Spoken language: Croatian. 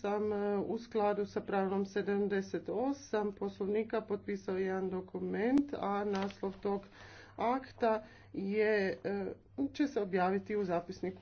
sam e, u skladu sa pravilom 78 poslovnika potpisao jedan dokument, a naslov tog akta e, će se objaviti u zapisniku.